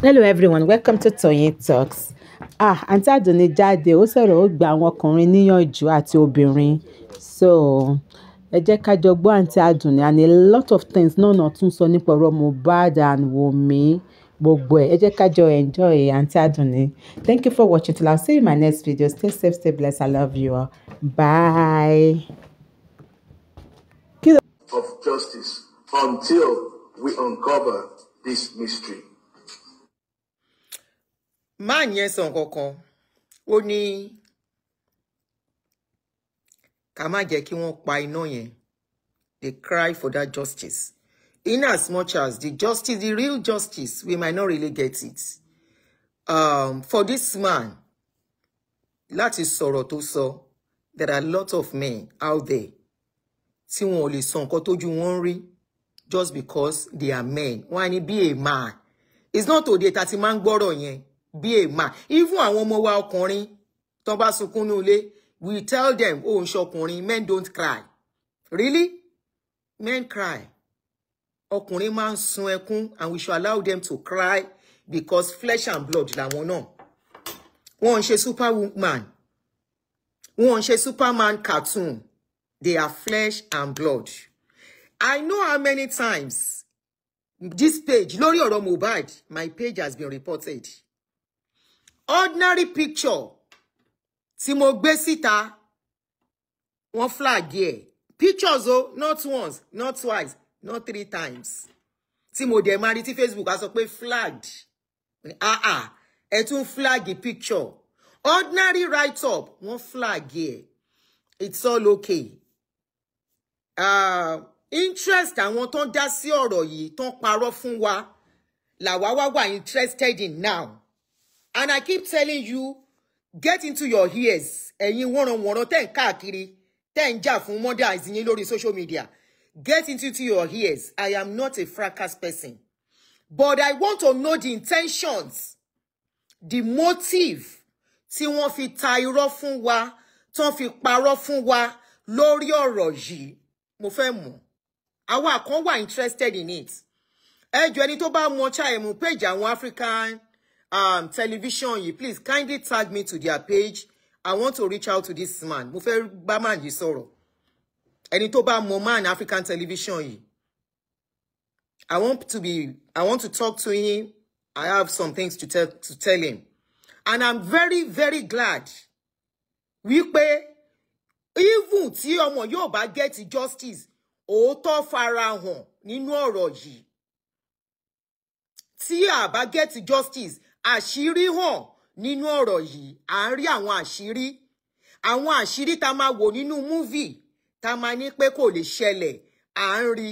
hello everyone welcome to Toyeen Talks ah àǹtí àdùnní jáde ó sọ̀rọ̀ ó gba àwọn ọkùnrin níyànjú àti obìnrin so ẹ jẹ́ ká jọ gbọ́ àǹtí àdùnní and a lot of things náà náà tún sọ nípa ọ̀rọ̀ Mohbad and Wunmi gbogbo ẹ̀ ẹ jẹ́ ká jọ enjoy àǹtí àdùnní thank you for watching till i see you in my next video stay safe stay blessed i love you all bye. of justice until we uncover this mystery máa yẹn sọ kankan ó ní ká má jẹ́ kí wọ́n pa iná yẹn they cry for that justice in as much as the justice the real justice we might not really get it um, for this man láti sọ̀rọ̀ tó sọ there are a lot of men out there tí wọn ò lè sọ nǹkan tójú wọn ń rí just because they are men wọn á ní be a man it's not òde tá ti máa ń gbọ́rọ̀ yẹn bí èèmà even àwọn ọmọ wa ọkùnrin tó bá sunkún ní ilé we tell them ó oh, ń ṣọkùnrin men don't cry really men cry ọkùnrin máa ń sun ẹkún and we should allow them to cry because flesh and blood làwọn náà wọn ń ṣe superwoman wọn ń ṣe superman cartoon they are flesh and blood i know how many times this page lórí ọ̀rọ̀ Mohbad my page has been reported ordinary picture tí mo gbé síta wọ́n flag ẹ̀ pictures o not once not twice not three times tí mo dẹ̀ máa rí tí Facebook á sọ pé flagged ah ah ẹ tún flag picture ordinary write up wọ́n flag ẹ̀ it's all okay uh, interest àwọn tó ń dá sí ọ̀rọ̀ yìí tó ń parọ́ fún wa làwa wá wà interested in now and i keep telling you get into your ears and you ẹ̀yin wọ́nranwọ̀nran tẹ́ ń káàkiri tẹ́ ń jà fún mọ́dà ìzìyín lórí social media get into your ears i am not a fracas person but i want to know the intentions the motive tí wọ́n fi ta irọ́ fún wa tán fi parọ́ fún wa lórí ọ̀rọ̀ yìí mo fẹ́ mọ̀ àwa kan wà interested in it ẹ jọ ẹni tó bá mọ mo page àwọn african um, television yìí please kindly tag me to their page I want to reach out to this man mo fẹ́ bá man yìí sọ̀rọ̀ ẹni African television yìí I want to be I want to talk to him I have some things to tell to tell him and I'm very very glad wípé even tí ọmọ yo ba get justice o òótọ́ farahàn nínú ọ̀rọ̀ yìí tí a ba get justice àṣírí hàn nínú ọ̀rọ̀ yìí à ń rí àwọn àṣírí àwọn àṣírí tá máa wò nínú múvì tá máa ní pé kò lè ṣẹlẹ̀ à ń rí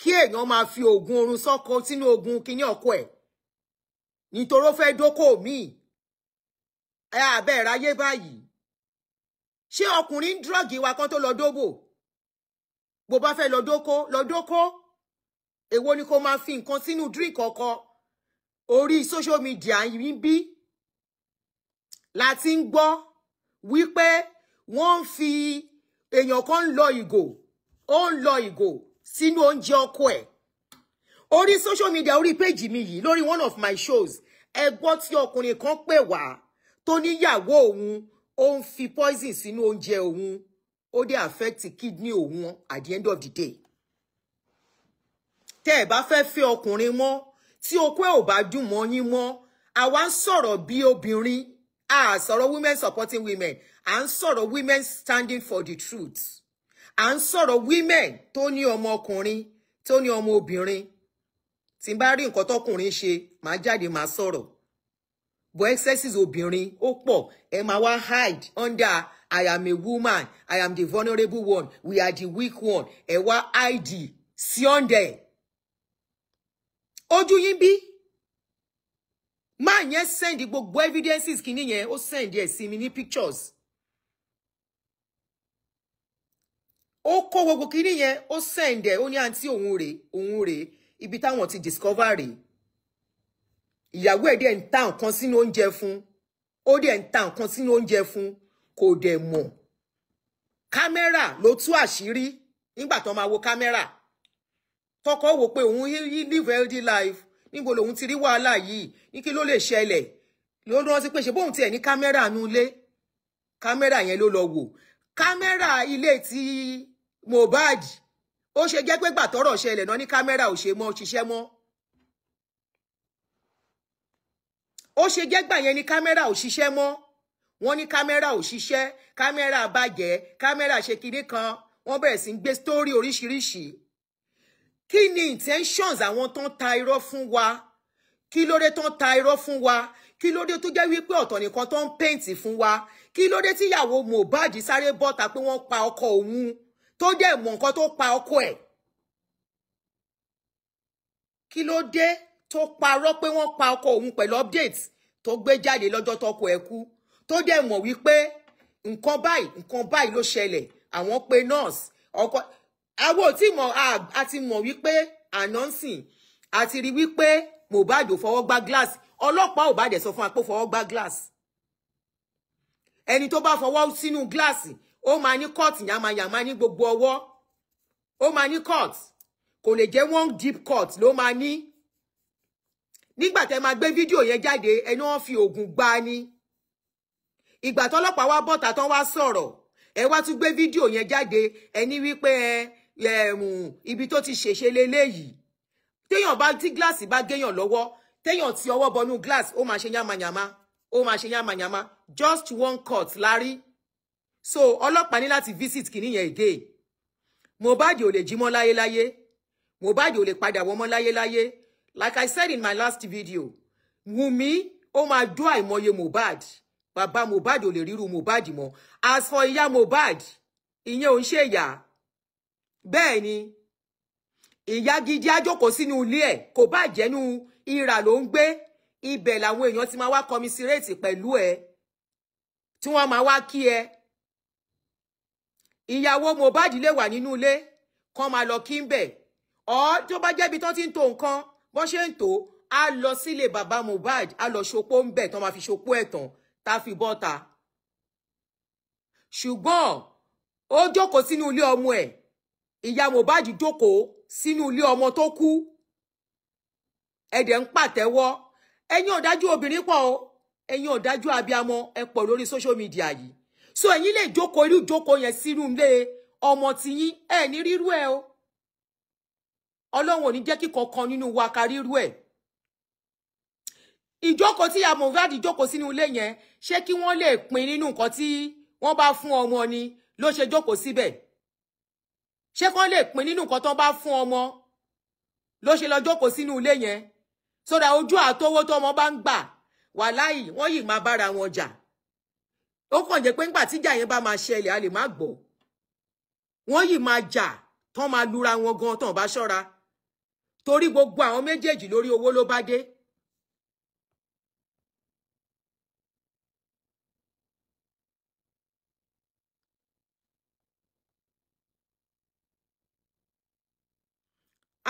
kí èèyàn máa fi oògùn oorun sọ́kọ sínú oògùn kíní ọkọ ẹ̀ nítorí ó fẹ́ dókòó míì ẹ àbẹ́ ìráyé báyìí ṣé ọkùnrin ń dírọ́ọ̀gì wa kan tó lọ dóbò bó bá fẹ́ lọ dóko lọ dóko èwo ni kó máa fi nǹkan sínú drink ọkọ orí social media yìí bí láti ń gbọ́ wípé wọ́n ń fi èèyàn kan ń lọ ìgò ó ń lọ ìgò sínú oúnjẹ ọkọ ẹ̀ orí social media orí péjì mi yìí lórí one of my shows ẹ gbọ́ tí ọkùnrin kan pè wá tó níyàwó òun ó ń fi poison sínú oúnjẹ òun ó dé affect kidney òun at the end of the day tẹ́ ẹ bá fẹ́ fẹ́ ọkùnrin mọ́ tí o ẹ̀ ò bá dùn mọ́ yín mọ́ àwa ń sọ̀rọ̀ bí obìnrin a sọ̀rọ̀ women supporting women à ń sọ̀rọ̀ women standing for the truth à ń sọ̀rọ̀ women tó ní ọmọ ọkùnrin tó ní ọmọ obìnrin tí n bá rí nǹkan tọkùnrin ṣe màá jáde màá sọ̀rọ̀ but excesses obìnrin ó pọ̀ ẹ máa wá hide under I am a woman I am the vulnerable one we are the weak one ẹ wá hide sí ọ̀ndẹ̀. ojú yín bí máa yẹn send gbogbo evidences kìíní yẹn ó send ẹ̀ sí mi ní pictures ó kó gbogbo kìíní yẹn ó send ẹ̀ ó ní àǹtí òun rèé òun rèé ibi táwọn ti discover rèé ìyàwó ẹ̀ dẹ̀ ń ta nǹkan sínú oúnjẹ fún ó dẹ̀ ń ta nǹkan sínú oúnjẹ fún kò dẹ̀ mọ̀ kámẹ́rà ló tú àṣírí nígbà tó máa wo kámẹ́rà kọ́kọ́ wò pé he live healthy life níbo lòun ti rí wàhálà yìí ní kí ló lè ṣẹlẹ̀ ló lọ sí pé ṣe bóun tiẹ̀ ni camera nu ilé kámẹ́rà yẹn ló lọ wò kámẹ́rà ilé ti Mohbad ó ṣe jẹ́ pé gbàtọ́rọ̀ ṣẹlẹ̀ náà ní camera ò ṣe mọ́ ṣiṣẹ́ mọ́ ó ṣe jẹ́ gbà yẹn ní kámẹ́rà ò ṣiṣẹ́ mọ́ wọ́n ní kámẹ́rà ò ṣiṣẹ́ kámẹ́rà bàjẹ́ kámẹ́rà ṣe kinní kan wọ́n bẹ̀rẹ̀ sí ń gbé sítórì kí ni intentions àwọn tó ń ta irọ́ fún wa kí ló dé tó ń ta irọ́ fún wa kí ló dé tó jẹ́ wípé ọ̀tọ̀ nìkan tó ń pèǹtì fún wa kí ló dé tíyàwó Mohbad sáré bọ́ta pé wọ́n pa ọkọ òun tó dẹ̀ mọ̀ nǹkan tó pa ọkọ ẹ̀ kí ló dé tó parọ́ pé wọ́n pa ọkọ òun pẹ̀lú update tó gbé jáde lọ́jọ́ tọkọ ẹ̀ kú tó dẹ̀ mọ̀ wípé nǹkan báyìí nǹkan báyìí ló ṣẹlẹ̀ àwọn pe nurse ọkọ àwọn ò tí mọ̀ a ti mọ̀ wípé ànánsìn àti rí wípé Mohbad ò fọwọ́ gbá glass ọlọ́pàá ò bá dẹ̀ sọ fún wa pé fọwọ́ gbá glass ẹni tó bá fọwọ́ sinu glass ó máa ní court yamayama ní gbogbo ọwọ́ ó máa ní court kò lè jẹ́ one deep court ló máa ní nígbà tẹ́ máa gbé fídíò yẹn jáde ẹni wọ́n fi oògùn gbá ni ìgbà tọ́lọ́pàá wá bọ́ta tán wá sọ̀rọ̀ ẹ wá tún gbé fídíò yẹn jáde ẹni wípé ẹ ibi tó ti ṣèṣe leléyìí téèyàn bá tí gíláàsì bá géèyàn lọ́wọ́ téèyàn ti ọwọ́ bọnú gíláàsì ó máa ṣe yánmayànmá ó máa ṣe yánmayànmá just one cut lárí so ọlọ́pàá ní láti visit kìnìyàn again Mohbad ò lè jí mọ́ láyéláyé Mohbad ò lè padà wọ́n mọ́ láyéláyé like I said in my last video Wùmí ó máa dó àìmọye Mohbad bàbá Mohbad ò lè ríru Mohbad mọ́ as for ìyá Mohbad ìyẹn ò ń ṣèyà bẹ́ẹ̀ ni ìyá gidi á jókòó sínú ilé ẹ̀ kò bá jẹ́nu ìrà ló ń gbé ibẹ̀ làwọn èèyàn ti máa wá kọmisireti pẹ̀lú ẹ̀ tí wọ́n máa wá kí ẹ ìyàwó Mohbad lè wà nínú ilé kan máa lọ kí ń bẹ̀ ọ́ tó bá jẹ́bi tán ti ń to nǹkan bó ṣe ń tò á lọ sílé bàbá Mohbad á lọ ṣopó ń bẹ̀ tán máa fi ṣopó ẹ̀ tán tá a fi bọ́ta ṣùgbọ́n ó jókòó sínú ilé ọmọ ẹ̀ ìyá Mohbad jókòó sínú ilé ọmọ tó kú ẹ̀dẹ̀ ń pàtẹ́wọ́ ẹ̀yin ọ̀dájú obìnrin pọ̀ o ẹ̀yin ọ̀dájú abiyamọ ẹ pọ̀ lórí social media yìí so ẹ̀yin lè jókòó irú jókòó yẹn sínú ilé ọmọ tiyín ẹ̀ ní rírú ẹ o ọlọ́run ò ní jẹ́ kí kankan nínú wa ka rírú ẹ̀ ìjókòó tí ìyá Mohbad jókòó sínú ilé yẹn ṣé kí wọ́n lè pín nínú nǹkan tí wọ́n bá fún ọmọ ni ló ṣe jókòó síbẹ̀ ṣé kán lè pín nínú nǹkan tó bá fún ọmọ ló ṣe lọ jókòó sínú ilé yẹn sódà ojú àtọwọ́ tọmọ bá ń gbà wàláì wọ́n yìí máa bára wọn jà ó kàn jẹ́ pé ńgbà tíjà yẹn bá máa ṣẹlẹ̀ a lè má gbọ́ wọ́n yìí máa jà tán máa lura wọn gan tán bá ṣọ́ra torí gbogbo àwọn méjèèjì lórí owó ló bá dé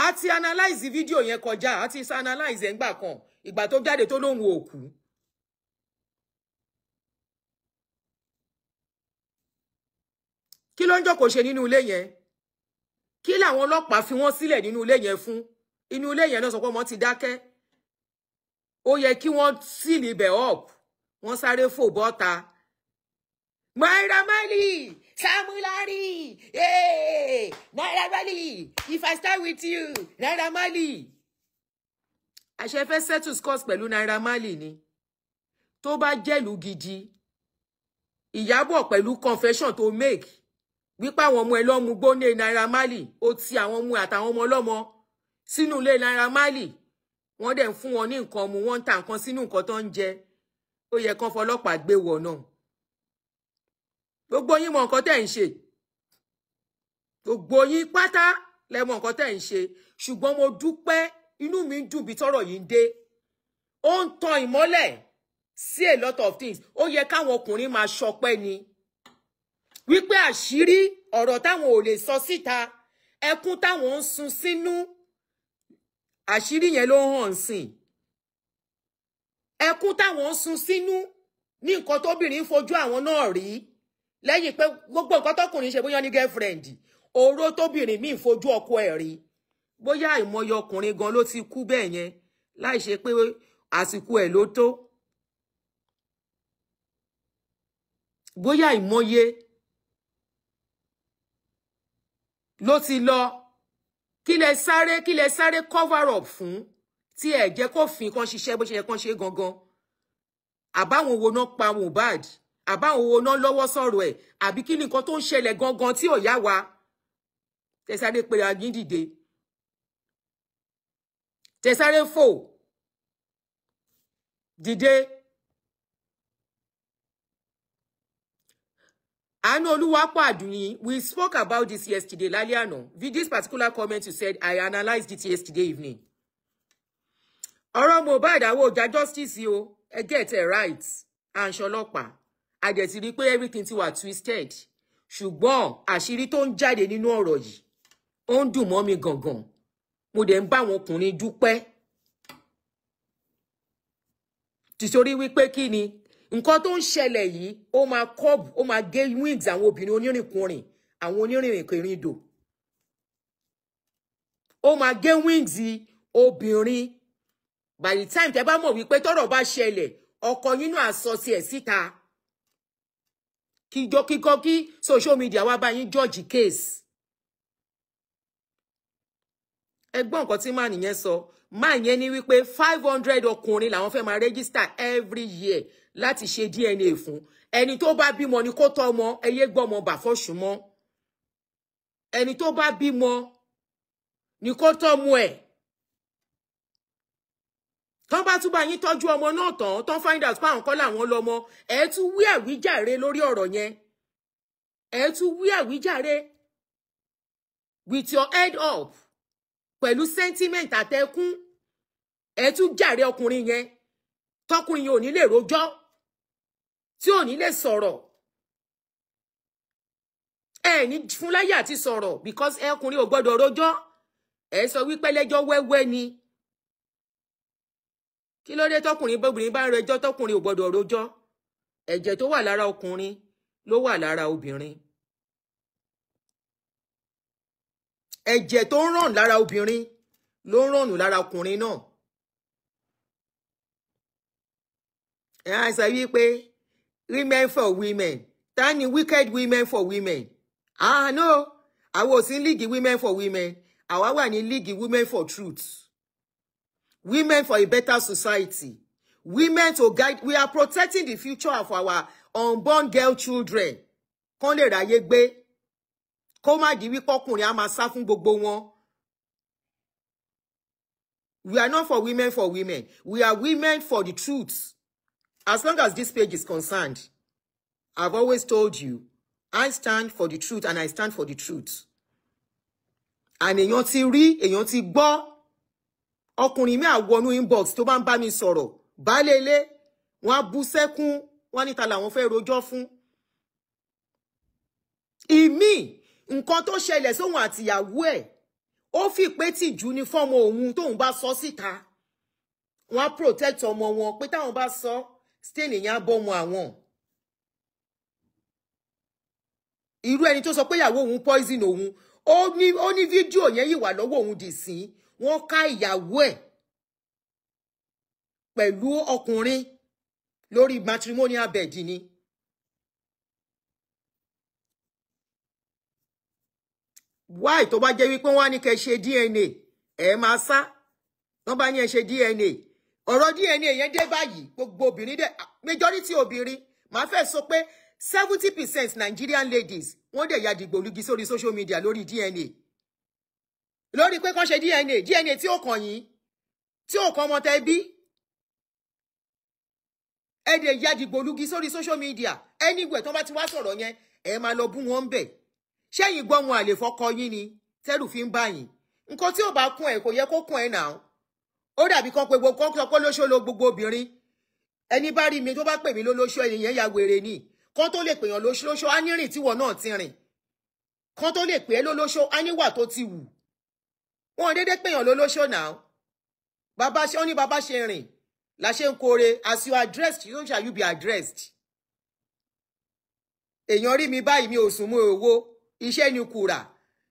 a ti analyze fídíò yẹn kọjá a ti analyze ẹ̀ngbà kan ìgbà tó jáde tó lóun òkú. kí ló ń jókòó ṣe nínú ilé yẹn kí làwọn ọlọ́pàá fi wọ́n sílẹ̀ nínú ilé yẹn fún inú ilé yẹn náà sọ pé ọmọ ti dákẹ́ o yẹ kí wọ́n seal ibẹ̀ up wọ́n sáré fò bọ́ta. Naira Marley Samuel Larry, hey, Naira Mali, if I start with you, Naira Mali. Àṣẹ fẹ́ settle scores pẹ̀lú Naira Mali ni. Tó bá jẹ́lu gidi, Ìyábọ̀ pẹ̀lú confession to make. Wípé àwọn ọmọ ẹ lọ́mú gbóné Naira Mali, ó ti àwọn ọmọ àtàwọn ọmọ ọlọ́mọ sínú Naira Mali. Wọ́n dẹ̀ ń fún wọn ní nǹkan mu, wọ́n ń ta nǹkan sínú nǹkan tó ń jẹ. Ó yẹ kán fọlọ́pàá gbé wọ̀ náà gbogbo yín mọ nǹkan tẹ́ ń ṣe gbogbo yín pátá lẹ mọ nǹkan tẹ́ ń ṣe ṣùgbọ́n mo dúpẹ́ inú mi ń dùn bí tọ́rọ̀ yìí ń dé ó ń tan ìmọ́lẹ̀ sí a lot of things ó yẹ káwọn ọkùnrin máa ṣọpẹ́ ni wípé àṣírí ọ̀rọ̀ táwọn ò lè sọ síta ẹkún táwọn ń sun sínú àṣírí yẹn ló hàn sìn ẹkún táwọn ń sun sínú ní nǹkan tóbìnrin fojú àwọn náà rí lẹ́yìn pé gbogbo nǹkan tọkùnrin ṣe bóyá ní girlfriend oró tóbìnrin míì fojú ọkọ ẹ̀ rí bóyá àìmọye ọkùnrin gan ló ti kú bẹ́ẹ̀ yẹn láì ṣe pé àsìkò ẹ̀ ló tó bóyá àìmọye ló ti lọ kí lẹ sáré kí lẹ sáré cover up fún tí ẹ jẹ́ kó fin kan ṣiṣẹ́ bó ṣe yẹ kán ṣe gangan àbáwọn wo náà pa Mohbad àbáwọn owó náà lọ́wọ́ sọ̀rọ̀ ẹ̀ àbí kí ni nǹkan tó ń ṣẹlẹ̀ gangan tí ò yá wa tẹ̀sáré pé ayín tẹ̀sáré fò dìde àánú olúwapọ̀ àdùnní we spoke about this yesterday lálẹ́ àná with this particular comment you said I analysed it yesterday evening ọ̀rọ̀ Mohbad àwọ̀ ọjà justice o ẹ get it right à ń a dẹ̀ ti rí pé everything ti wà twisted ṣùgbọ́n àṣírí tó ń jáde nínú ọ̀rọ̀ yìí ó ń dùn mọ́ mi gangan mo dẹ̀ ń bá àwọn ọkùnrin dúpẹ́ tìtorí wípé kí ni nǹkan tó ń ṣẹlẹ̀ yìí ó máa cob ó máa gé wings àwọn obìnrin onírìnkùnrin àwọn onírìnkìrìndò ó máa gé wings obìnrin by the time tẹ́ bá mọ̀ wípé tọ́rọ̀ bá ṣẹlẹ̀ ọkọ yín náà sọ sí ẹ̀ síta kíjọ kíkọ kí social media wá bá yín george case Egbon nǹkan tí máa nìyẹn sọ máa yẹn ni wípé five hundred ọkùnrin làwọn fẹ́ ma register every year láti ṣe DNA fún ẹni tó bi mo ni kó tọ́ ọmọ ẹyẹ mo. bàfọ́ṣùmọ́ ẹni tó bi mo ni kó tọ́ e. ẹ̀ tán bá tún bá yín tọ́jú ọmọ náà tán tán find out pé àwọn kọ́ làwọn lọ́mọ ẹ̀ tún wí àwíjàre lórí ọ̀rọ̀ yẹn ẹ̀ tún wí àwíjàre with your head up pẹ̀lú sentiment àtẹkùn ẹ̀ tún jàre ọkùnrin yẹn tọkùnrin yẹn ò ní lè rojọ́ tí ò ní lè sọ̀rọ̀ ẹ̀ ní fún láyè àti sọ̀rọ̀ because ẹ̀ ọkùnrin ò gbọ́dọ̀ rojọ́ ẹ̀ sọ wípé lẹ́jọ́ wẹ́wẹ́ ni kí ló dé tọkùnrin bóbìnrin bá ń rojọ́ tọkùnrin ò gbọ́dọ̀ rojọ́ ẹ̀jẹ̀ tó wà lára ọkùnrin ló wà lára obìnrin ẹ̀jẹ̀ tó ń ràn lára obìnrin ló ń ràn lára ọkùnrin náà ẹ á sọ wípé women for women ta wicked women for women ah no àwọn ò sí league women for women àwa wà ní league women for truth women for a better society, women to guide. We are protecting the future of our unborn girl children. Kán lè ráyé gbé. Kó má di wípé ọkùnrin á máa sá fún gbogbo wọn. We are not for women for women. We are women for the truth. As long as this page is concerned, I've always told you, I stand for the truth and I stand for the truth. And èèyàn ti rí, èèyàn ti gbọ́ ọkùnrin mi àwọnú inbox tó bá ń bá mi sọ̀rọ̀ baálé ilé wọn á bú sẹ́kún wọn níta làwọn fẹ́ rojọ́ fún. ìmí nǹkan tó ṣẹlẹ̀ sóhun àtìyàwó ẹ̀ ó fi pé tìjú ni fọ́mọ òun tóun bá sọ síta wọn á protect ọmọ wọn pé táwọn bá sọ stain yẹn á bọ́mọ àwọn. irú ẹni tó sọ pé ìyàwó òun poison òun ó ní fídíò yẹn yìí wà lọ́wọ́ òun dì sí wọ́n ká ìyàwó ẹ̀ pẹ̀lú ọkùnrin lórí matrimonial bed ni. wáì tó bá jẹ́ wípé wọ́n á ní kẹ́ ṣe DNA ẹ̀ máa sá wọ́n bá ní ẹ ṣe DNA ọ̀rọ̀ DNA yẹn dé báyìí gbogbo obìnrin dẹ̀ majority obìnrin màá fẹ́ sọ pé seventy percent Nigerian ladies wọ́n dẹ̀ ya dìgbòlugi sórí social media lórí DNA lórí pé kán ṣe DNA DNA tí ó kàn yín tí ó kàn ọmọ tẹ bí ẹ dẹ̀ yàjìgbòlugi sórí social media anywhere tó bá ti wá sọ̀rọ̀ yẹn ẹ máa lọ bú wọn bẹ̀ ṣẹ́yìn gbọ́ wọn àlè fọkọ yín ni tẹ́rù fi ń bá yín nǹkan tí ò bá kún ẹ kò yẹ kó kún ẹ nà ó dàbí kan pé gbogbo kan pé lóṣó lo gbogbo obìnrin ẹni bá rí mi tó bá pè mí lólóṣó ẹnìyẹn ya wèrè ni kan tó lè pèèyàn lóṣó á nírìn tíwọ náà ti rìn kan tó lè pè é lólóṣó á níwà tó ti wù wọn dédé pèèyàn lólóṣó náà bàbá ṣe wọn ní bàbá ṣe rìn la ṣe ń kore as you are addressed you shall you be addressed èèyàn rí mi báyìí mi ò sùn mú owó iṣẹ́ ni kùrà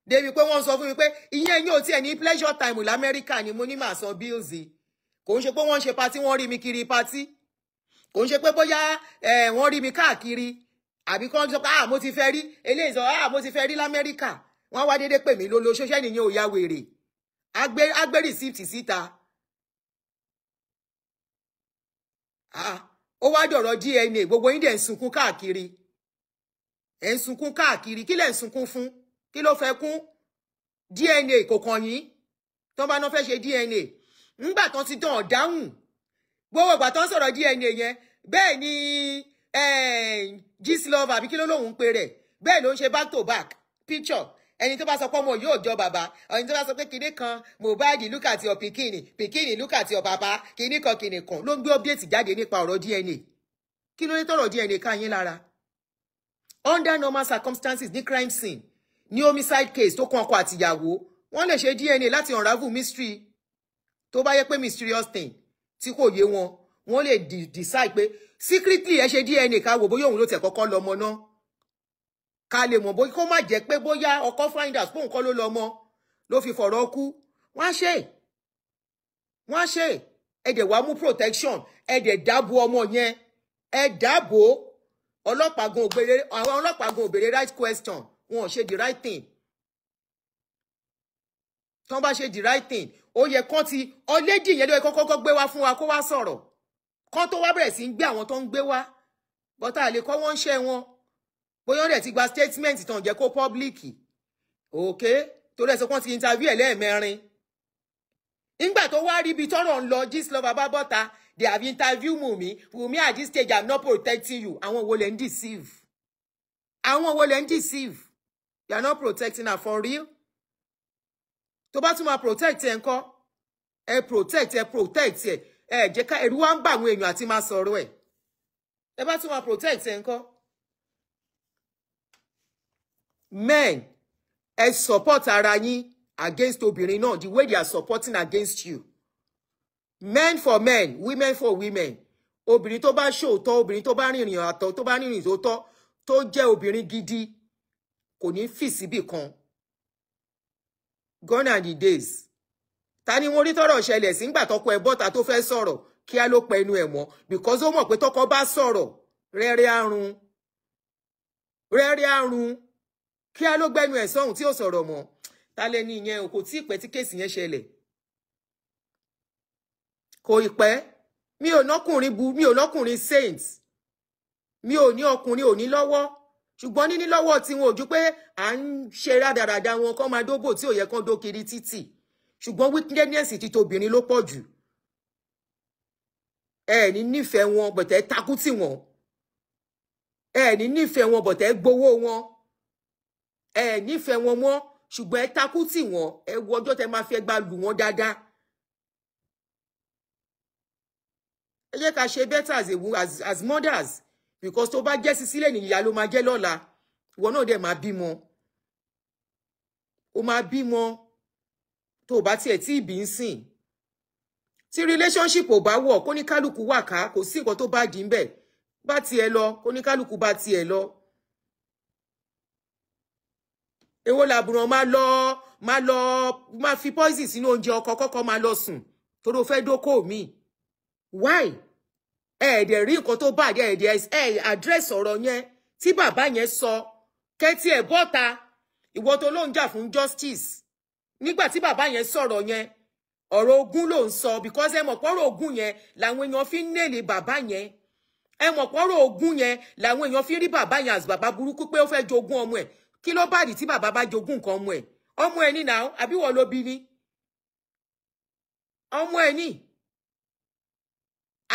débi pé wọ́n sọ fún mi pé ìyẹn ẹ̀yìn ò tiẹ̀ ní pleasure time lamẹ́ríkà ni mo ní màá san bills kò ń ṣe pé wọ́n ń ṣe patí wọ́n rí mi kiri patí kò ń ṣe pé bóyá wọ́n rí mi káàkiri àbí kọ́ ń sọ pé ah mo ti fẹ́ rí eléyìí sọ ah mo ti fẹ́ rí lamẹ́ríkà wọ́n wá déédéé pè mí lólóṣó ṣẹ́ni yẹn ò ya wèrè agbé agbé receipt síta ah, ó wá dọ̀rọ̀ DNA gbogbo yín dẹ̀ ń sunkún káàkiri ẹ̀ ń sunkún káàkiri kí lẹ̀ ń sunkún fún kí ló fẹ́ kún DNA kò kàn yín tó bá náà fẹ́ ṣe DNA ńgbà tán ti dán ọ̀dáhùn gbogbo ìgbà tán sọ̀rọ̀ DNA yẹn bẹ́ẹ̀ ni eh, gíslọ́ọ̀bù àbí kí ló lóun pe rẹ̀ bẹ́ẹ̀ ló ń back to back picture ẹni tó bá sọ pé ọmọ yóò jọ bàbá ẹni tó bá sọ pé kinní kan Mohbad look at your pikini pikini look at your bàbá kinní kan kinní kan ló ń gbé update jáde nípa ọ̀rọ̀ DNA kí ló ní tọ̀rọ̀ DNA ká lára under normal circumstances ní crime scene ní homicide case tó kàn ọkọ àtìyàwó wọ́n lè ṣe DNA láti unravel mystery tó bá yẹ pé mysterious thing tí kò yé wọn wọ́n lè decide pé secretly ẹ ṣe DNA ká wò bóyá òun ló tẹ̀ kọ́kọ́ lọ́mọ náà ká lè mọ̀ bóyá kó má jẹ́ pé bóyá ọkọ finders pé nǹkan ló lọ mọ ló fi fọ̀rọ̀ kú wọ́n á ṣe wọ́n á ṣe ẹ dẹ̀ wá mú protection ẹ dẹ̀ dáàbò ọmọ yẹn ẹ dáàbò ọlọ́pàá gan òbèrè àwọn ọlọ́pàá gan òbèrè right question wọn ò ṣe the right thing tán bá ṣe the right thing ó yẹ kán ti ọlẹ́dì yẹn ló yẹ kọ́kọ́ gbé wá fún wa kó wá sọ̀rọ̀ kán tó wá bẹ̀rẹ̀ sí ń gbé àwọn tó ń gbé wá bọ́tà lè kọ́ wọ́n ń ṣẹ́ wọn bóyá wọ́n dẹ̀ ti gba statement tán jẹ́ kó public ok torí ẹ̀ sọ pé wọ́n ti interview ẹ̀ lẹ́ẹ̀mẹrin nígbà tó wá rí ibi tọ́rọ̀ ń lọ Gistlover Abábọ́ta they have interview, interviewed Wunmi Wunmi at this stage i'm not protecting you àwọn wo lè ń deceive àwọn wo lè ń deceive you are not protecting her for real tó bá tún máa protect ẹ ńkọ́ ẹ protect ẹ protect ẹ ẹ jẹ́ ká ẹ̀rù wá ń bà àwọn èèyàn àti máa sọ̀rọ̀ ẹ ẹ bá tún máa protect ẹ ńkọ́. men ẹ support ara yín against obìnrin náà the way they are supporting against you men for men women for women obìnrin tó bá ṣòótọ́ obìnrin ba bá rìnrìn àtọ̀ tó bá rìnrìn òótọ́ tó jẹ́ obìnrin gidi kò ní fì síbì kan gone are the days Tani ni wọ́n rí tọ́rọ̀ ṣẹlẹ̀ sí ngbà tọ́kọ ẹ̀ bọ́ta tó fẹ́ sọ̀rọ̀ kí á ló pẹ inú ẹ̀ because ó mọ̀ pé tọ́kọ bá sọ̀rọ̀ rẹ́rẹ́ àrùn rẹ́rẹ́ àrùn kíá ló gbẹnu ẹ̀ sọ́hùn tí ò sọ̀rọ̀ mọ́ ta lẹni ìyẹn o kò tí ì pẹ́ tí kéèsì yẹn ṣẹlẹ̀ kò ì pẹ́ mi ò nọkùnrin bu mi ò nọkùnrin saint mi ò ní ọkùnrin ò ní lọ́wọ́ ṣùgbọ́n níní lọ́wọ́ tiwọn ò ju pé à ń ṣe rádaràda wọn kán máa dóbò tí ò yẹ kán dókiri títì ṣùgbọ́n wickedness ti tobìnrin ló pọ̀ jù ẹ ní nífẹ̀ẹ́ wọn bọ̀tẹ́ takú tì ẹ ní nífẹ̀ẹ́ wọn bọ̀tẹ́ gbowó wọn ẹ nífẹ̀ẹ́ wọn mọ́ ṣùgbọ́n ẹ takú tì wọ́n ẹ wo ọjọ́ tẹ máa fi ẹgbàá lù wọ́n dáadáa. ẹ jẹ́ ká ṣe better as, as, mothers because tó bá jẹ́ sísílẹ̀ nìyá ló máa jẹ́ lọ́la ìwọ náà dẹ̀ máa bímọ o máa bímọ tó o bá tiẹ̀ tí ìbí ń sìn tí relationship ò bá wọ̀ kó ní kálukú wà ká kò sí nǹkan tó bá dì í bẹ̀ bá tiẹ̀ lọ kó bá tiẹ̀ lọ Ewo làbùràn máa lọ máa lọ máa fi poison sínú oúnjẹ ọkọ kọ́kọ́ máa lọ sun torí o fẹ́ dóko mi why ẹ̀ẹ̀dẹ̀ rí nǹkan tó bàjẹ́ ẹ̀ẹ̀dẹ̀ ẹ̀ àdírẹ́sì ọ̀rọ̀ yẹn tí bàbá yẹn sọ kẹ́tí ẹ̀ bọ́ta ìwọ tó ló ń jà fún justice nígbà tí bàbá yẹn sọ̀rọ̀ yẹn ọ̀rọ̀ ogún ló ń because ẹ mọ̀ pọ́rọ̀ ogún yẹn làwọn èèyàn fi ń nèlè bàbá yẹn ẹ mọ̀ pọ́rọ̀ ogún yẹn làwọn èèyàn fi rí bàbá yẹn as bàbá burúkú pé ó fẹ́ jogún ọmọ ẹ̀ kí ló bàdì tí bàbá bá jogún nǹkan ọmọ ẹ̀ ọmọ ẹ̀ ní nà ó àbí wọ́n ló bí ni ọmọ ẹ̀ ní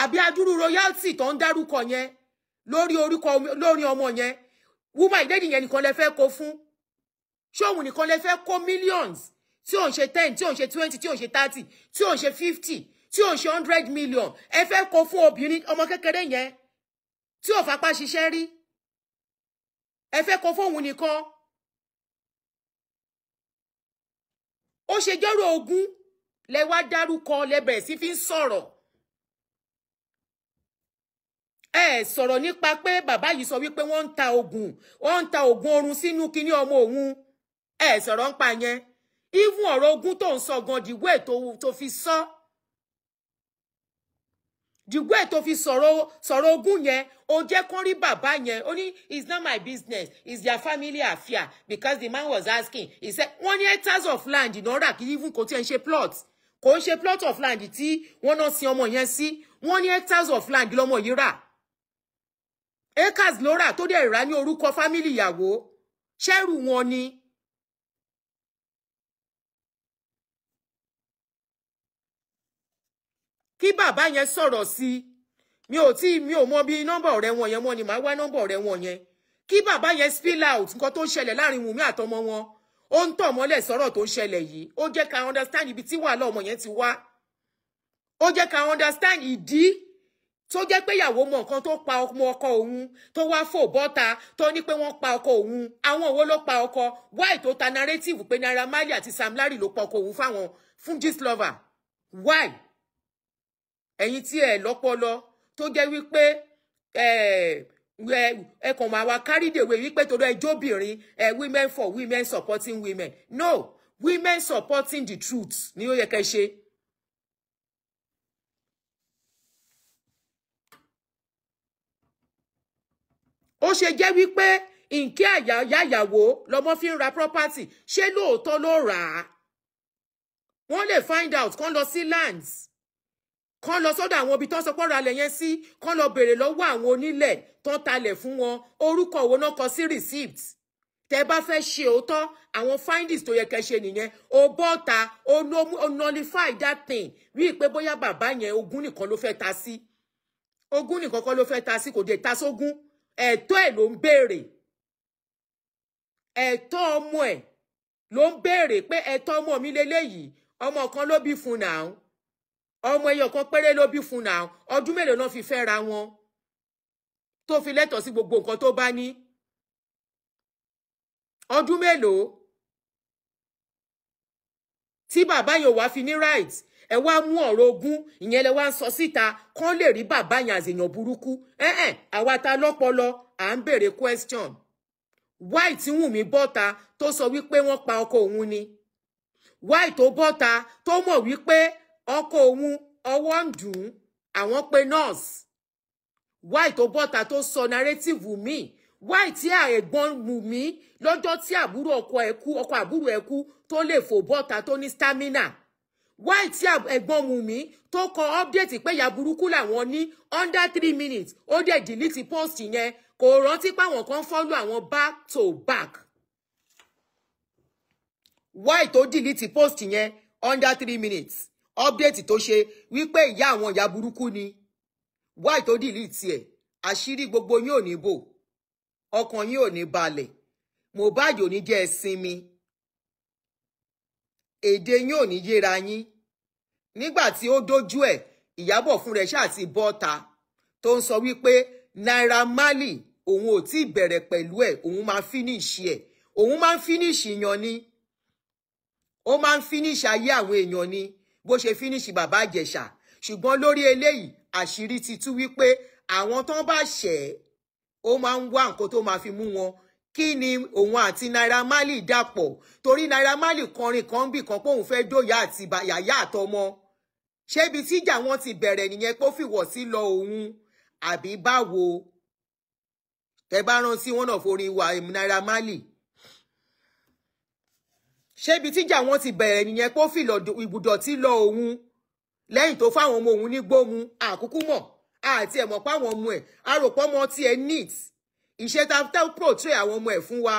àbí adúrú royalty tó ń dárúkọ yẹn lórí orúkọ lórí ọmọ yẹn wúmà ìdẹ́dì yẹn nìkan lẹ fẹ́ kó fún ṣóun nìkan lẹ fẹ́ kó millions tí ò ń ṣe ten tí ò ń ṣe twenty tí ò ń ṣe thirty tí ò ń ṣe fifty tí ò ń ṣe hundred million ẹ fẹ́ kó fún obìnrin ọmọ kékeré yẹn tí ò fapá ṣiṣẹ́ rí ẹ fẹ́ kó fóun nìkan ó ṣe jọ́rọ̀ ogún lẹ wá dárúkọ lẹ bẹ̀rẹ̀ sí fi ń sọ̀rọ̀ ẹ sọ̀rọ̀ nípa pé bàbá yìí sọ wípé wọ́n ta oògùn wọ́n ń ta oògùn oorun sínú kinní ọmọ òun ẹ sọ̀rọ̀ ń pa yẹn even ọ̀rọ̀ ogún tó ń sọ di dìgbò ẹ̀ tó fi So dùgbò ẹ̀ tó fi sọ̀rọ̀ sọ̀rọ̀ ogún yẹn ó jẹ́ kó rí bàbá yẹn ó ní it's not my business it's their family affair because the man was asking he said "One ní hectares of land ìná rà kí even kò tí ẹ̀ ń ṣe plot kò ń ṣe plot of land tí wọ́n náà sin ọmọ yẹn sí wọ́n hectares of land lọ́mọ yìí rà acres ló rà tó dẹ̀ rà ní orúkọ family ìyàwó ṣẹ́rù wọn ni kí bàbá yẹn sọ̀rọ̀ sí i mi ò tí mi ò mọ bí nọ́mbà ọ̀rẹ́ wọn yẹn mọ́ ni màá wá nọ́mbà ọ̀rẹ́ wọn yẹn kí bàbá yẹn spill out nǹkan tó ń ṣẹlẹ̀ láàrin Wùmí àtọmọ wọn ó ń tọ̀ mọ́lẹ̀ sọ̀rọ̀ tó ń ṣẹlẹ̀ yìí ó jẹ́ ká understand ibi tí wàhálà ọmọ yẹn ti wá ó jẹ́ ká understand ìdí tó jẹ́ pé ìyàwó mọ nǹkan tó pa ọmọ ọkọ òun tó wá fò bọ́ta tó ní pé wọ́n pa ọkọ òun àwọn òwò ló pa ọkọ why tó ta narrative pé Naira Marley àti Sam Larry ló pa ọkọ òun fáwọn fún gist lover why ẹ̀yin tí ẹ lọ́pọlọ tó jẹ́ wípé ẹ kàn máa wá kárìdèwé wípé torí ẹ jóbìnrin ẹ women for women supporting women no women supporting the truth ni ó yẹ kẹ́ ṣe. ó ṣe jẹ́ wípé ǹkẹ́ àyàyàwó lọmọ fi ń ra property ṣé lóòótọ́ ló rà á wọ́n lè find out kán lọ sí lands kán lọ sọ́dọ̀ àwọn ibi tó ń sọ pọ́nra alẹ̀ yẹn sí kán lọ béèrè lọ́wọ́ àwọn onílẹ̀ tó ń talẹ̀ fún wọn orúkọ wo náà kọ sí receipt tẹ bá fẹ́ ṣe òótọ́ àwọn findings tó yẹ kẹ́ ṣe nìyẹn o bọ́ta o nullify that thing wí pé bóyá bàbá yẹn ogún nìkan ló fẹ́ ta sí ogún nìkan kọ́ ló fẹ́ ta sí kò dé ta sógún ẹ̀tọ́ ẹ̀ ló ń béèrè ẹ̀tọ́ ọmọ ẹ̀ ló ń béèrè pé ẹ̀tọ́ ọmọ mi lélẹ́yìí ọmọ kan ló bí fún nàá ọmọ ẹyọ kan péré ló bí fún náà ọdún mélòó náà fi fẹ́ra wọn tó fi lẹ́tọ̀ọ́ sí gbogbo nǹkan tó bá ní ọdún mélòó tí bàbá yóò wá fi ní right ẹ wá mú ọ̀rọ̀ ogún ìyẹn lẹ wá ń sọ síta kán lè rí bàbá yẹn àzèyàn burúkú ẹ̀ẹ́n eh, eh, àwa ta lọ́pọlọ à ń béèrè question why tí Wùnmí bọ́ta tó sọ wípé wọ́n pa ọkọ òun ni why to bọ́ta to mo wípé ọkọ òun ọwọ́ ń dùn ún àwọn pe nurse wáì tó bọ́ta tó sọ narrative mi wáì tí ẹ̀gbọ́n mú mi lọ́jọ́ tí àbúrò ọkọ ẹ̀ kú ọkọ àbúrò ẹ̀ kú tó lè fò bọ́ta tó ní stamina wáì tí ẹ̀gbọ́n mú mi tó kọ update pé ìyá burúkú làwọn ní under three minutes ó dẹ̀ delete post yẹn kò rántí páwọn kan follow àwọn back to back wáì tó delete post yẹn under three minutes update tó ṣe wípé ìyá àwọn ìyá burúkú ni why tó delete ẹ̀ àṣírí gbogbo yín ò ní bò ọkàn yín ò ní balẹ̀ Mohbad ò ní jẹ́ ẹ sinmi èdè yín ò ní yéra yín nígbà tí ó dójú ẹ̀ Ìyábọ̀ fún rẹ̀ ṣáà ti bọ́ta Naira mali, òun ò tí ì bẹ̀rẹ̀ pẹ̀lú ẹ̀ òun máa fíníṣì ẹ̀ òun máa yan ni ó máa ń fíníṣì ayé àwọn èèyàn ni bó ṣe fínísì bàbá àjẹsà ṣùgbọ́n lórí eléyìí àṣírí ti tú wípé àwọn tó bá ṣẹ̀ ó máa ń wá nǹkan tó máa fi mú wọn kí ni òun àti Naira Marley dàpọ̀ torí Naira Marley kọrin kan bì kan pé òun fẹ́ dóyà àti yàyà àtọmọ ṣébi tíjà wọn ti bẹ̀rẹ̀ nìyẹn pé ó fìwọ̀ sí lọ òun àbí báwo tẹ bá rántí one of orin wa Naira Marley ṣé ibi tíjà wọn ti bẹ̀rẹ̀ nìyẹn pé ó fi ìbùdọ̀tí lọ òun lẹ́yìn tó fáwọn ọmọ òun ní gbóhun àkúkú mọ̀ àti ẹ̀mọ̀ páwọn ọmọ ẹ̀ àròpọ̀ ọmọ tí ẹ neat ìṣe ta tẹ́ portray àwọn ọmọ ẹ̀ fún wa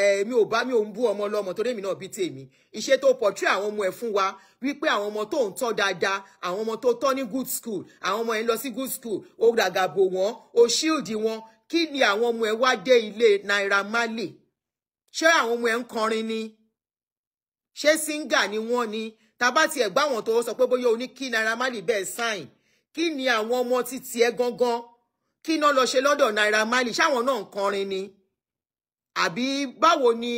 èmi ò bá mi ò ń bú ọmọ lọ́mọ torí èmi náà bí tèmi ìṣe tó portray àwọn ọmọ ẹ̀ fún wa wípé àwọn ọmọ tó ń tọ́ dáadáa àwọn ọmọ tó tọ́ ní good school àwọn ọmọ ẹ̀ ń lọ good school ó ràgàbò wọn ó ṣíìdì wọn kí ni àwọn ọmọ ẹ̀ wá dé Naira Marley ṣé àwọn ọmọ ẹ̀ ń ni ṣé síngà ni wọ́n ni tàbá tiẹ̀ gbá àwọn tó sọ pé bóyá o ní kí Naira Marley bẹ́ẹ̀ sáìn kí ni àwọn ọmọ títí ẹ gangan kí náà lọ ṣe lọ́dọ̀ Naira Marley ṣáwọn náà ń kọrin ni àbí báwo ni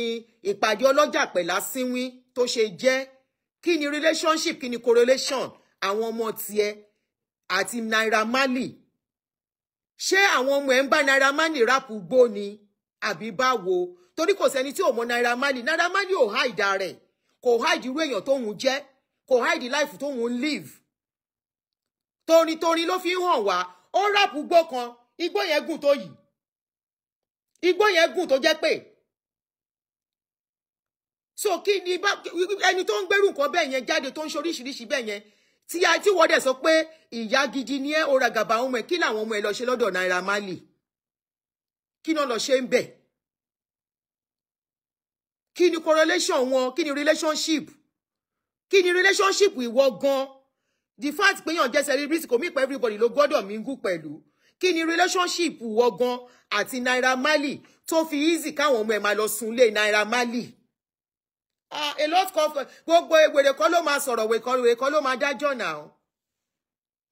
ìpàdé ọlọ́jà pẹ̀lá síwín tó ṣe jẹ́ kí ni relationship kí ni correlation àwọn ọmọ tiẹ̀ àti Naira Marley ṣé àwọn ọmọ ẹ̀ ń bá Naira Marley rápù gbó ni àbí báwo torí kò sẹ́ni tí ò mọ Naira Marley Naira Marley ò háìdá rẹ̀ kò hide irú èèyàn tóun jẹ́ kò hide life tóun live torintorin ló fi ń hàn wá ó rap igbó kan igbó yẹn gùn tó yìí igbó yẹn gùn tó jẹ́ pé so kí ni ẹni tó ń gbẹ́rù nǹkan bẹ́ẹ̀ yẹn jáde tó ń ṣoríṣiríṣi bẹ́ẹ̀ yẹn tí a ti wọ́dẹ̀ sọ pé ìyá gidi ni ẹ́ ó ra gàba ọmọ ẹ̀ kí làwọn ọmọ ẹ̀ lọ ṣe lọ́dọ̀ Naira Marley kí náà lọ ṣe ń bẹ̀ kí ni correlation wọn kí ni relationship kí ni relationship ìwọ gan the fact pé yàn jẹ́ celebrity kò mí pé everybody ló gbọ́dọ̀ mingu pẹ̀lú kí ni relationship ìwọ gan àti Naira Marley tó fi easy káwọn ọmọ ẹ̀ máa lọ sunlé Naira Marley ah a lot of gbogbo ewèrè kan ló máa sọ̀rọ̀ wèrè kan ló máa dájọ́ náà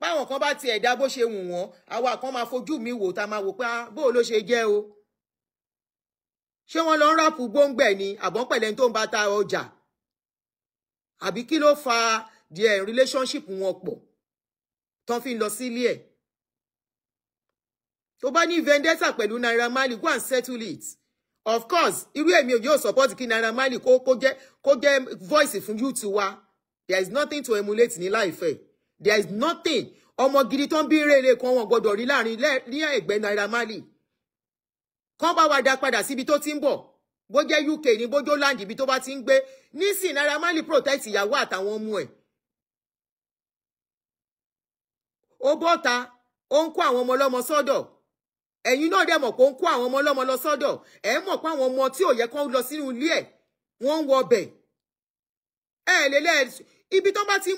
báwọn kan bá tiẹ̀ dá bó ṣe wù wọ́n àwa kan máa fojú mi wò tá máa wò pé ah, bó ló ṣe jẹ́ o ṣé wọ́n lọ ń ráàpù gbóngbẹ̀ ni àbọ̀n pẹ̀lẹ́ tó ń bá ta ọjà àbí kí ló fa díẹ̀ relationship wọn pọ̀ tán fi ń lọ sílé ẹ̀ tó bá ní vendetta pẹ̀lú Naira Marley go and settle it of course irú èmi ò yóò support kí Naira Marley kó kó jẹ́ kó jẹ́ voice fún youth wa there is nothing to emulate ní láìfẹ́ there is nothing ọmọ gidi tó ń bí rere kan wọn gbọ́dọ̀ rí láàrin ní ẹ̀gbẹ́ Naira Marley kọ́ bá wa dá padà síbi tó ti n bọ̀ bó je UK ní Bojoland ibi tó bá ti n gbé nísìn Naira Marley protect ìyàwó àtàwọn ọmọ e ó bọ́ta ó ń kó àwọn ọmọ ọlọ́mọ sọ́dọ̀ ẹ̀yin náà dẹ̀ mọ̀ pé ń kó àwọn ọmọ ọlọ́mọ lọ sọ́dọ̀ ẹ̀ àwọn ọmọ tí ò lọ sínú ilé ẹ̀ wọ́n ibi bá ti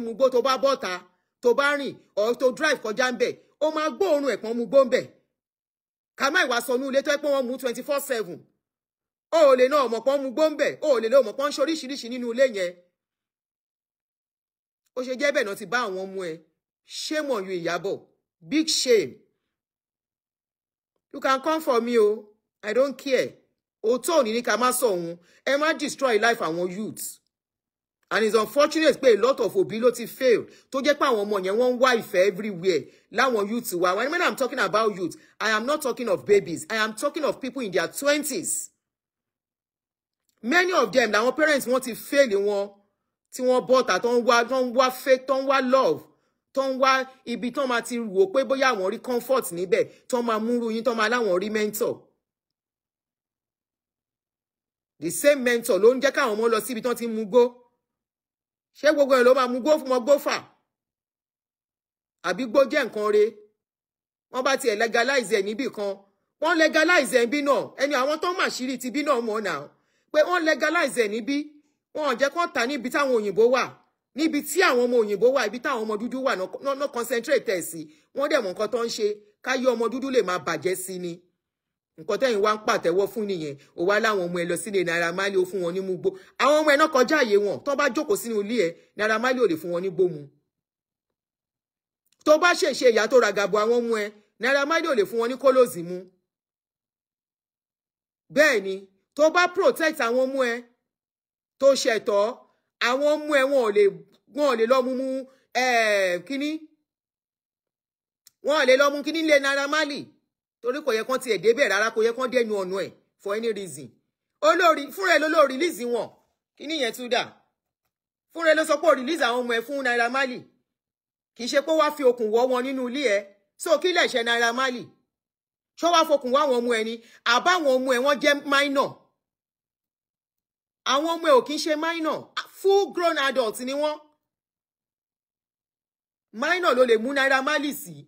mú gbọ́ To bá rìn or to drive kọjá ń bẹ̀ ó máa gbóòórùn ẹ̀pọ̀n mu gbó ń bẹ̀ kàmá ìwà sọnù ilé tó ẹ pé wọ́n mu twenty four seven o ò lè ná ọmọ pọ́n mu gbó ń bẹ̀ o ò lè ná ọmọ pọ́n ń ṣoríṣiríṣi nínú ilé yẹn ó ṣe jẹ́ ti bá àwọn ọmọ ẹ shame on you Ìyábọ̀ big shame you can come for me o I don't care òótọ́ ni ni ká má sọ òun ẹ má destroy life àwọn youths and it's unfortunate pé a lot of òbí ló ti fail to jẹ́ pé àwọn ọmọ yẹn wọ́n ń wá ìfẹ́ everywhere láwọn youth wa when i'm talking about youth i am not talking of babies i am talking of people in their twenties many of them làwọn parents wọ́n ti fail wọn tí wọ́n bọ́ta tó ń wá tó ń wá faith tó ń love tó ń wá ibi tó máa ti wò pé bóyá àwọn rí comfort níbẹ̀ tó máa múrú yín tó máa láwọn rí mentor the same mentor ló ń jẹ́ káwọn ọmọ lọ síbi tó ti ń mugbó ṣé gbogbo ẹ̀ ló máa mú gófù mọ́ gófà àbí gbó jẹ́ nǹkan re wọ́n bá tiẹ̀ legalize ẹ̀ níbì kan wọ́n legalize ẹ̀ níbí náà ẹni àwọn tó ń màṣírí ti bí náà mọ̀ náà pé wọ́n legalize ẹ̀ níbí wọn ò jẹ́ kó tà níbi táwọn òyìnbó wà níbi tí àwọn ọmọ òyìnbó wà ibi táwọn ọmọ dúdú wà náà concentrate ẹ̀ sí wọ́n dẹ̀ mọ̀ nǹkan tó ń ṣe káyé ọmọ dúdú lè máa bàjẹ́ sí ni nǹkan tẹ́yìn wá ń pàtẹ́wọ́ fún nìyẹn ó wá láwọn ọmọ ẹ lọ sílé Naira Marley ó fún wọn ní mugbó àwọn ọmọ ẹ náà kọjá àyè wọn tó bá jókòó sínú ilé ẹ Naira Marley ò lè fún wọn ní gbómu tó bá ṣèṣe ìyá tó ra gàbọ àwọn ọmọ ẹ Naira Marley ò lè fún wọn ní kólóòzì mu bẹ́ẹ̀ ni tó bá protect àwọn ọmọ ẹ tó ṣẹ̀tọ́ àwọn ọmọ ẹ wọn ò lè wọn ò lè lọ mú mú kíní wọn ò lè lọ mú kíní lé Naira Marley torí kò yẹ kán tiẹ̀ débẹ̀ rárá kò yẹ kán dẹnu ọ̀nà ẹ̀ for any reason olórí fúnra ẹ̀ ló ló release wọn kí nìyẹn tún dà fúnra ẹ̀ ló sọ pé ó release àwọn ọmọ ẹ̀ fún Naira Marley kì í ṣe pé wàá fi okùn wọ́ wọn nínú ilé ẹ̀ so kí lè ṣe Naira Marley ṣó wàá fokùn wá àwọn ọmọ ẹ̀ ni àbá àwọn ọmọ ẹ̀ wọ́n jẹ́ minor àwọn ọmọ ẹ̀ ò kì í ṣe minor full grown adult ni wọ́n minor ló lè mú Naira Marley sí. Si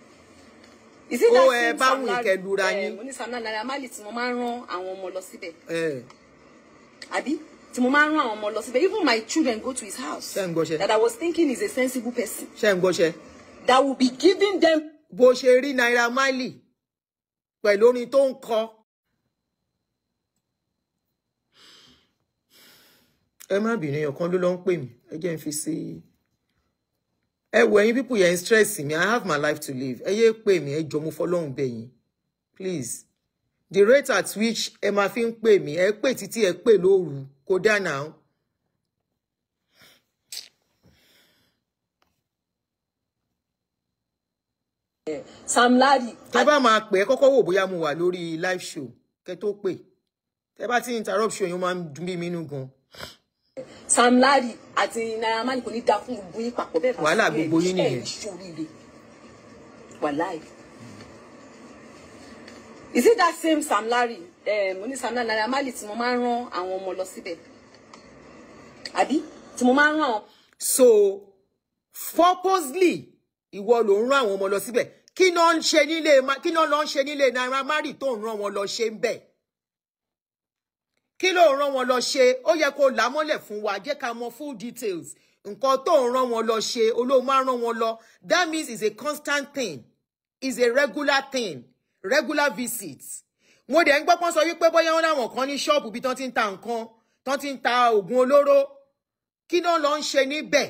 ó ẹ oh, eh, bá wù kẹ lura yín. Eh, mo ní sàmúlà naira máàlì tí mo máa ń rán àwọn ọmọ lọ síbẹ̀. Eh. àbí tí mo máa ń rán àwọn ọmọ lọ síbẹ̀ even my children go to his house. ṣé ń gbọ́ṣẹ́. that I was thinking is a sensible person. ṣé ń gbọ́ṣẹ́. that will be giving them. bó ṣe rí naira máàlì pẹ̀lú orin tó ń kọ. ẹ má bínú ọ̀kan ló lọ ń pè mí ẹ jẹ́ ń fi sí i ẹ wo people yẹn stress me, i have my life to live ẹ yé pè mí ẹ jọ mo fọlọ́run bẹ̀ yín please the rate at which ẹ máa fi ń pè mí ẹ pè títí ẹ pè lóru kò dá náà. Sam Larry. tẹ bá máa pè é kọ́kọ́ wò bóyá mo wà lórí live show kẹ tó pè tẹ bá ti interrupt show yẹn máa ń bí mi nínú gan Sam Larry àti Naira Marley kò ní da fún gbogbo yín papọ̀ bẹ́ẹ̀ bá wàhálà gbogbo yín nìyẹn wàláì is it that same Sam Larry mo ní Sam Larry Naira Marley tí mo máa ń rán àwọn ọmọ lọ síbẹ̀ àbí tí mo máa ń rán. so purposely ìwọ ló ń rán àwọn ọmọ lọ síbẹ̀ kí náà ń ṣe nílé Naira Marley tó ń rán wọn lọ ṣe ń bẹ̀ kí ló ń rán wọn lọ ṣe ó yẹ kó là fún wa jẹ́ ká mọ full details nǹkan tó ń rán wọn lọ ṣe olóhùn máa ń rán wọn lọ that means is a constant thing is a regular thing regular visit mo dẹ̀ ń gbọ́ pọ́n sọ wípé bóyá wọn láwọn kan ní ṣọ́ọ̀bù bí tán ti ń ta nǹkan tán ti ń ta oògùn olóró kí náà lọ ń ṣe níbẹ̀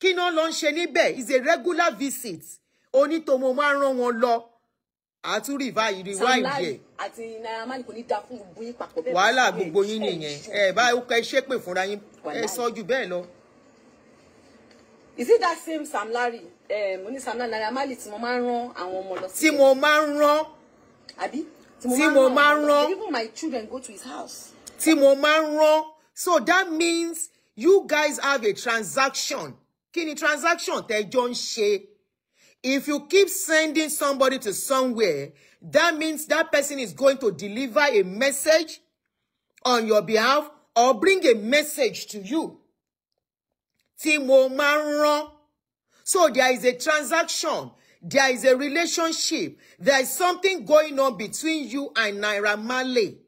kí náà lọ ń ṣe níbẹ̀ is a regular visit onítòmọ̀ máa ń rán wọn lọ àtún rìvá ìrì wá ìdí ẹ àti Naira Marley kò ní da fún gbogbo yín papọ̀ bẹ́ẹ̀ wàhálà gbogbo yín nìyẹn ẹ bá ẹ ṣépè fúnra yín ẹ sọ ju bẹ́ẹ̀ lọ. Is it that same Sam Larry mo ní Sam Larry Naira Marley tí mo máa ń rán àwọn ọmọ lọ sí. tí mo máa ń rán. àbí tí mo máa ń rán. even my children go to his house. tí mo máa ń rán so that means you guys have a transaction kí ni transaction tẹ́ jọ ń ṣe. If you keep sending somebody to somewhere, that means that person is going to deliver a message on your behalf or bring a message to you. Timo mo So there is a transaction. There is a relationship. There is something going on between you and Naira Marley.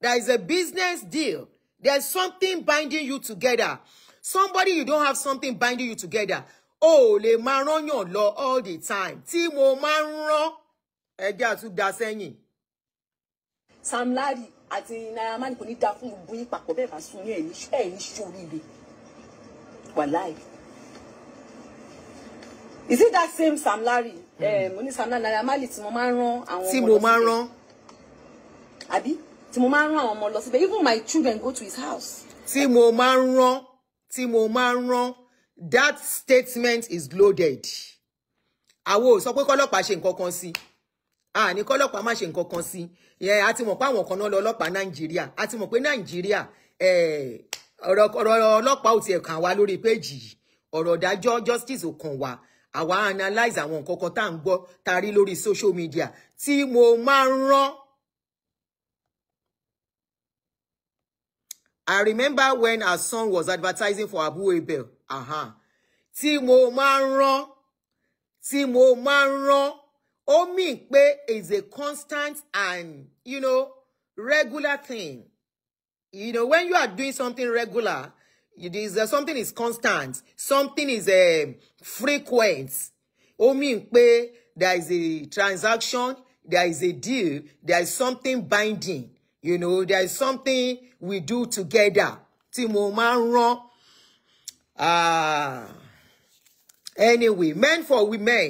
There is a business deal. There is something binding you together. Somebody you don't have something binding you together o ò lè máa rányàn lọ all the time tí mo máa ń rán ẹjẹ́ àtúndà sẹ́yìn. Sam Larry àti Naira Marley kò ní da fún gbogbo yín papọ̀ bẹ́ẹ̀ bá sun ní ẹ̀yìn ẹ̀yìn ṣoríire wàláì. is it that same Sam Larry hmm. eh, mo ní Sam Larry Naira Marley tí mo máa ń rán àwọn ọmọ lọ síbẹ̀ tí mo máa ń rán. àbí tí mo máa ń rán àwọn ọmọ lọ síbẹ̀ even my children go to his house. tí mo máa ń rán tí mo máa ń rán that statement is loaded Awo, so pé kọ́lọ́pàá ṣe nǹkan kan Ah, ni kọ́lọ́pàá má ṣe nǹkan kan sí yẹn a ti mọ̀ pé àwọn kan náà lọ ọlọ́pàá nàìjíríà a ti mọ̀ pé nàìjíríà eh, ọ̀rọ̀ ọlọ́pàá ò tiẹ̀ kàn wá lórí péjì yìí ọ̀rọ̀ ìdájọ́ justice ò kàn wá àwa analyze àwọn nǹkan kan tá à ń gbọ́ social media tí mo máa ń I remember when our son was advertising for Abu Ebel aha tí mo máa ń rán tí mo máa ń rán ó mì pé is a constant and you know regular thing you know when you are doing something regular it is uh, something is constant something is uh, frequent ó mì pé there is a transaction there is a deal there is something binding you know there is something we do together tí mo máa ń rán Ah. Uh, anyway, men for women.